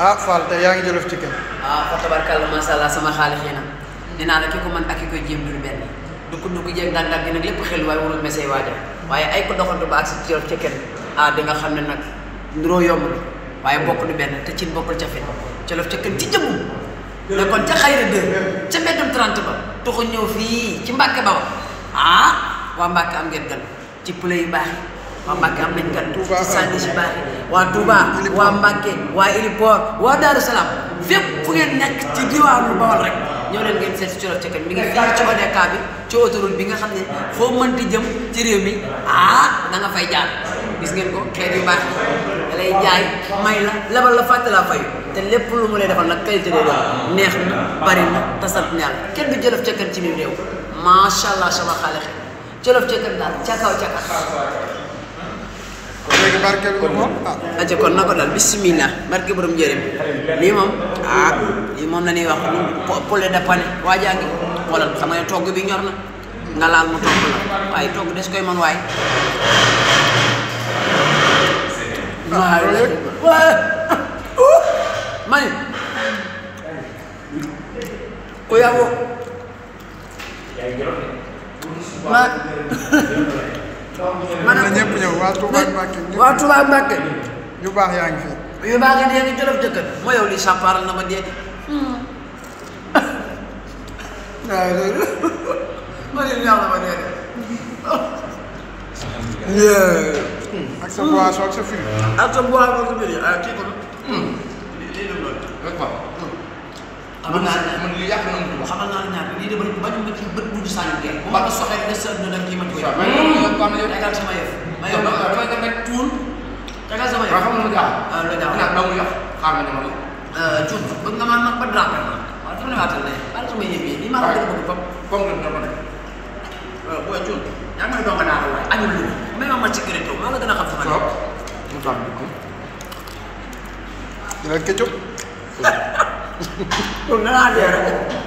ah Fall te yaa ngi jëlof ci kenn. ah fa tabarkalla macha allah sama xaalis yi nag nee naa ki ko man ak ki koy jéem du benn du ko du ko jéem dàngaat gi nag lépp xel waaye warul mesey waaja waaye ay ko doxantu ba ak si ah, nga xam ne nag nuroo yombul waaye bokk du benn te cin bokkul ca fi jëlof ca kenn ci jëmmum. ne kon ca xayra dër ca mbeddum 30 ba tuxu ñëw fii ci Mbàkke ba ah waa Mbàkke am ngeen gan ci pule yu baax waa Mbacke am nañ kat. Touba ci sànni si baax waa Touba waa Mbacke waa Ilipor waa Darou Salaam fépp fu ngeen nekk ci diwaanu Bawol rek ñoo leen ngeen seet si Coller ca Kanam mi ngi fii ci ODK bi ci autoroute bi nga xam ne foo mënti jëm ci réew mi ah nga fay jaar gis ngeen ko xeet yu baax da lay jaay may la lebal la fàtte laa fayu te lépp lu mu lay defal nag qualité lay doon neex na bari na te sant ñaar kenn du Coller ca Kanam ci biir réew macha allah sama léegi barkeel bi moom a aja kon na ko dal bisimilah barke borom njëriñ lii moom ah lii moom la ñuy wax poulet de pané waa jàngi xoolal xam nga togg bi ñor na nga laal mu togg la waaye togg des koy mën waaye. man ku waa Touba Mbacké waa Touba Mbacké yu baax yaa ngi fi yu baax yi dee ngi jëlëf jëkkër moo yow li sàppaaral na ma dee waaw loolu ma ne ñaaw na ma dee ak sa boisson ak sa fruit ak sa boisson ak sa fruit ah kii ko hmm. lii lii xamal naa ne man lii yàq na ko xamal naa ne ñaar lii de bañ bañ ba ci bët bu ñu sànni kenn bu ma ko soxee des sa dund ak kii man koy def tegal sama yëf ma yow dama dem rek tuul tegal sama yëf xam nga lu jaax ah, lu jaax naa daw yox xaar nga demal cuun euh, bëgg nga maa mag ba drap ma waaw dama ne waatal ne baal sama yëf yi lii maa ko bëgg fop fop nga dama ne euh, booy cuun yaa ngi may doo nga naa waaye añul lu may ma ma ci gréto maa la gën a xam sama mu tàmm ko dina kécop loolu na laa dee rek